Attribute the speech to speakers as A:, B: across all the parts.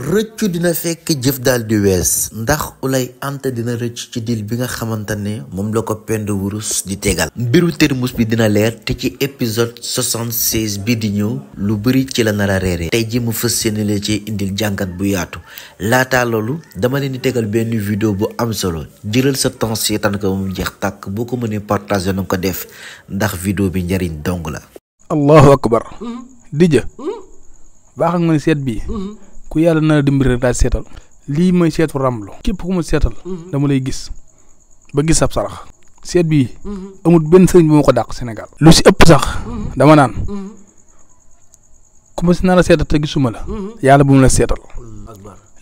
A: rëccu dina fekk jëf daal di wees ndax Ouleye Anta dina rëcc ci dil bi nga xamante ne moom la ko pend wurus di tegal mbiru termus bi dina leer te ci épisode 76 bi di ñëw lu bëri ci la nar a reere tey ji mu fës seeni la ci indil jàngat bu yaatu laataa loolu dama leen di tegal benn vidéo bu am solo jëlal sa temps seetaan ko mu jeex tàkk boo ko mënee partagé na ko def ndax vidéo bi njariñ dong la allahu akbar mm-hmm. dijë mm-hmm.
B: baax ku yàlla nar a dimbali rek daal seetal lii mooy seetu ramlu képp ku ma seetal mhm. dama lay gis ba gis ab sarax seet bii mhm. amul benn sëriñ bu ma ko dàq senegal lu si ëpp sax mhm. dama naan ku ma si nar a seetal te gisuma la yàlla bu mu la seetal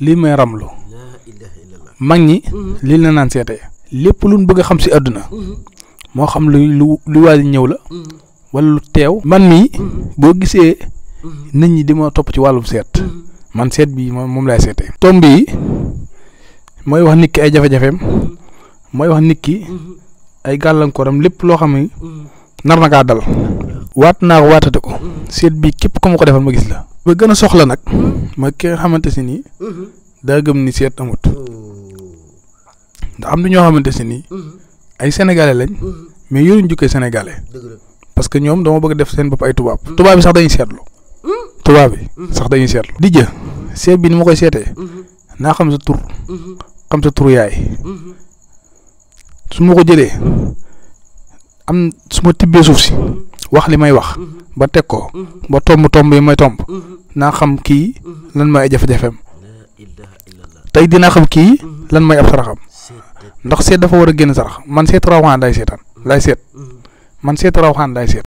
B: lii may ramlu mag ñi lii la naan seetee lépp luñ bëgg a xam si àdduna moo xam lu lu lu waaj ñëw la wala lu teew man mii boo gisee nit ñi di ma topp ci wàllum seet man seet bi moom laay seetee. tomb yi mooy wax nit ay jafe-jafeem mooy wax nit ki ay gàllankooram lépp loo xam na kaa dal. waat naa ko ko seet bi képp ko ma ko defal ma gis la. ba gën a soxla nag ma ki nga xamante si nii daa gëm ni seet amut ndax am na ñoo xamante si nii ay sénégalais lañ mais yoruñ jukkee sénégalais parce que ñoom dama bëgg def seen bopp ay tubaab mm. tubaab yi sax dañuy seetlu. tubaab bi mhm. sax dañuy seetlu di jë seet bi ni ma koy seetee mhm. naa xam sa tur mhm. xam sa tur yaay su ma ko jëlee am su ma tibbee suuf si wax li may wax ba teg ko ba tomb tomb yi may tomb naa xam kii lan may ay jafe-jafeem tey dinaa xam kii lan may ab saraxam ndax seet dafa war a génn sarax man seet raw lay seet man seet rawxaan lay seet